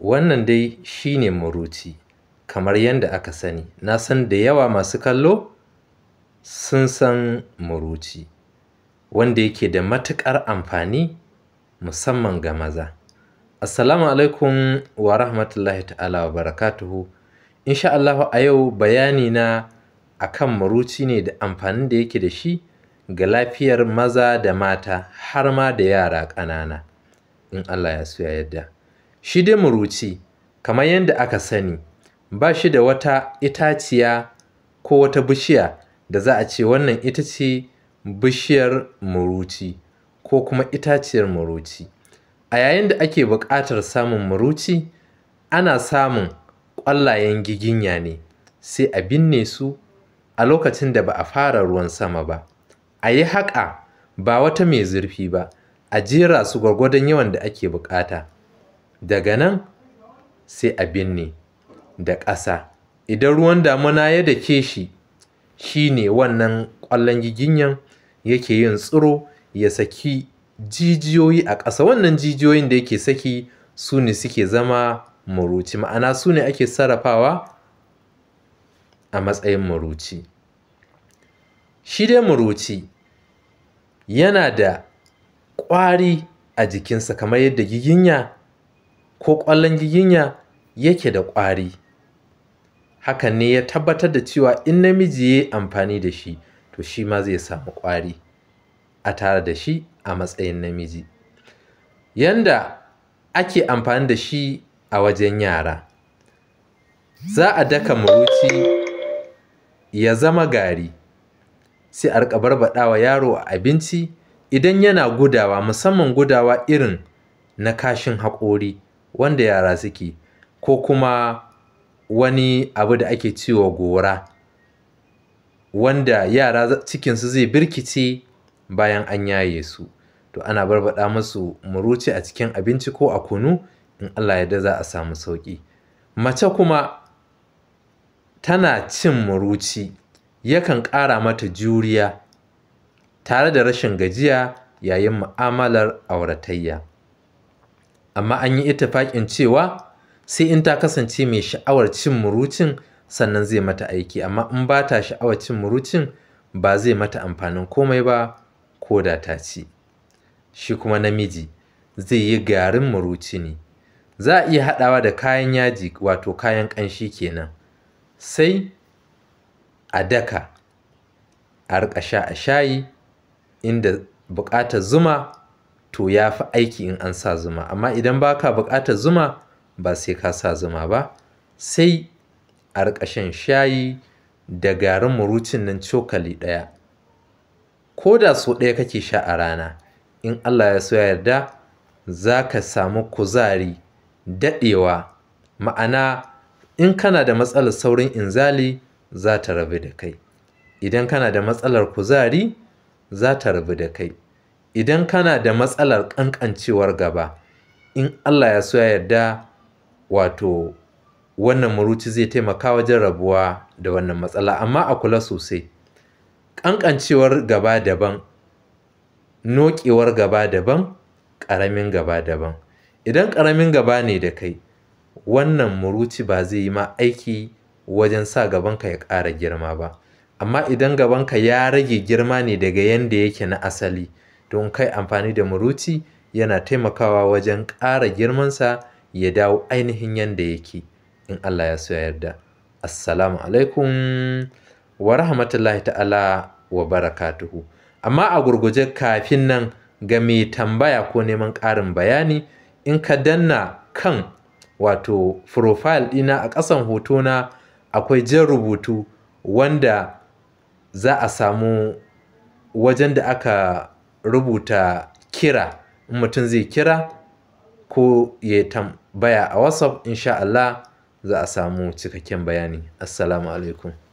Wannan dai shi ne muruci, kamar yadda aka sani. Na san da yawa masu kallo sun san muruci, wanda yake da matuƙar amfani musamman ga maza. Assalamu alaikum wa rahmatullahi ta'ala wa barakatuhu. Insha Allah a yau bayani na akan muruci ne da amfanin da yake da shi ga lafiyar maza da mata har ma da yara ƙanana. In Allah ya so ya Shi dai muruci, kamar yadda aka sani, ba shi da wata itaciya ko wata bishiya da za a ce wannan ita ce bishiyar muruci ko kuma itaciyar muruci. A yayin da ake buƙatar samun muruci, ana samun ƙwallayen giginya ne, sai a binne su a lokacin da ba a fara ruwan sama ba. A yi haƙa ba wata mai zurfi ba, a jera su gwargwadon yawan da ake buƙata. daga nan sai a binne da ƙasa idan ruwan damuna ya dake shi shine wannan ƙwallon giginyan yake yin tsiro ya saki jijiyoyi a ƙasa wannan jijiyoyin da yake saki su ne suke zama muruci ma'ana su ne ake sarrafawa a matsayin muruci shi dai muruci yana da ƙwari a jikinsa kamar yadda giginya ko ƙwallon giginya yake da ƙwari hakan ne ya tabbatar da cewa in namiji ya amfani da shi to shi ma zai samu ƙwari a tare da shi a matsayin namiji yanda ake amfani da shi a wajen yara za a daka muruci ya zama gari sai a rika barbaɗawa yaro a abinci idan yana gudawa musamman gudawa irin na kashin haƙori wanda yara suke ko kuma wani abu da ake cewa gora wanda yara cikinsu zai birkice bayan an yaye su to ana baɗa musu muruci a cikin abinci ko a kunu in Allah ya da za a samu sauƙi mace kuma tana cin muruci yakan ƙara mata juriya tare da rashin gajiya yayin mu'amalar auratayya amma an yi itafaƙin cewa sai in ta kasance mai sha'awar cin murucin sannan zai mata aiki amma in ba ta sha'awar cin murucin ba zai mata amfanin komai ba ko da ta ci shi kuma namiji zai yi garin muruci ne za a iya haɗawa da kayan yaji wato kayan ƙanshi kenan sai a daka a riƙa sha a shayi inda buƙatar zuma to ya fi aiki in an sa zuma amma idan ba ka buƙatar zuma ba sai ka sa zuma ba sai a riƙa shayi da garin murucin nan cokali ɗaya ko da so ɗaya kake sha a rana in Allah ya so ya yarda za ka samu kuzari daɗewa ma'ana in kana da matsalar saurin inzali za ta rabu da kai idan kana da matsalar kuzari za ta rabu da kai idan kana da matsalar ƙanƙancewar gaba in Allah ya so ya yarda wato wannan muruci zai taimaka wajen rabuwa da wannan matsala amma a kula sosai ƙanƙancewar gaba daban noƙewar gaba daban ƙaramin gaba daban idan ƙaramin gaba ne da kai wannan muruci ba zai yi ma aiki wajen sa gabanka ya ƙara girma ba amma idan gabanka ya rage girma ne daga yanda yake na asali don kai amfani da muruci yana taimakawa wajen ƙara girmansa ya dawo ainihin yanda yake in Allah ya soya ya yarda assalamu alaikum wa rahmatullahi ta'ala wa barakatuhu amma a gurguje kafin nan ga mai tambaya ko neman ƙarin bayani in ka danna kan wato profile ɗina a ƙasan hotona akwai jan rubutu wanda za a samu wajen da aka rubuta kira in mutum zai kira ko ya tambaya a whatsapp insha Allah za a samu cikakken bayani assalamu alaikum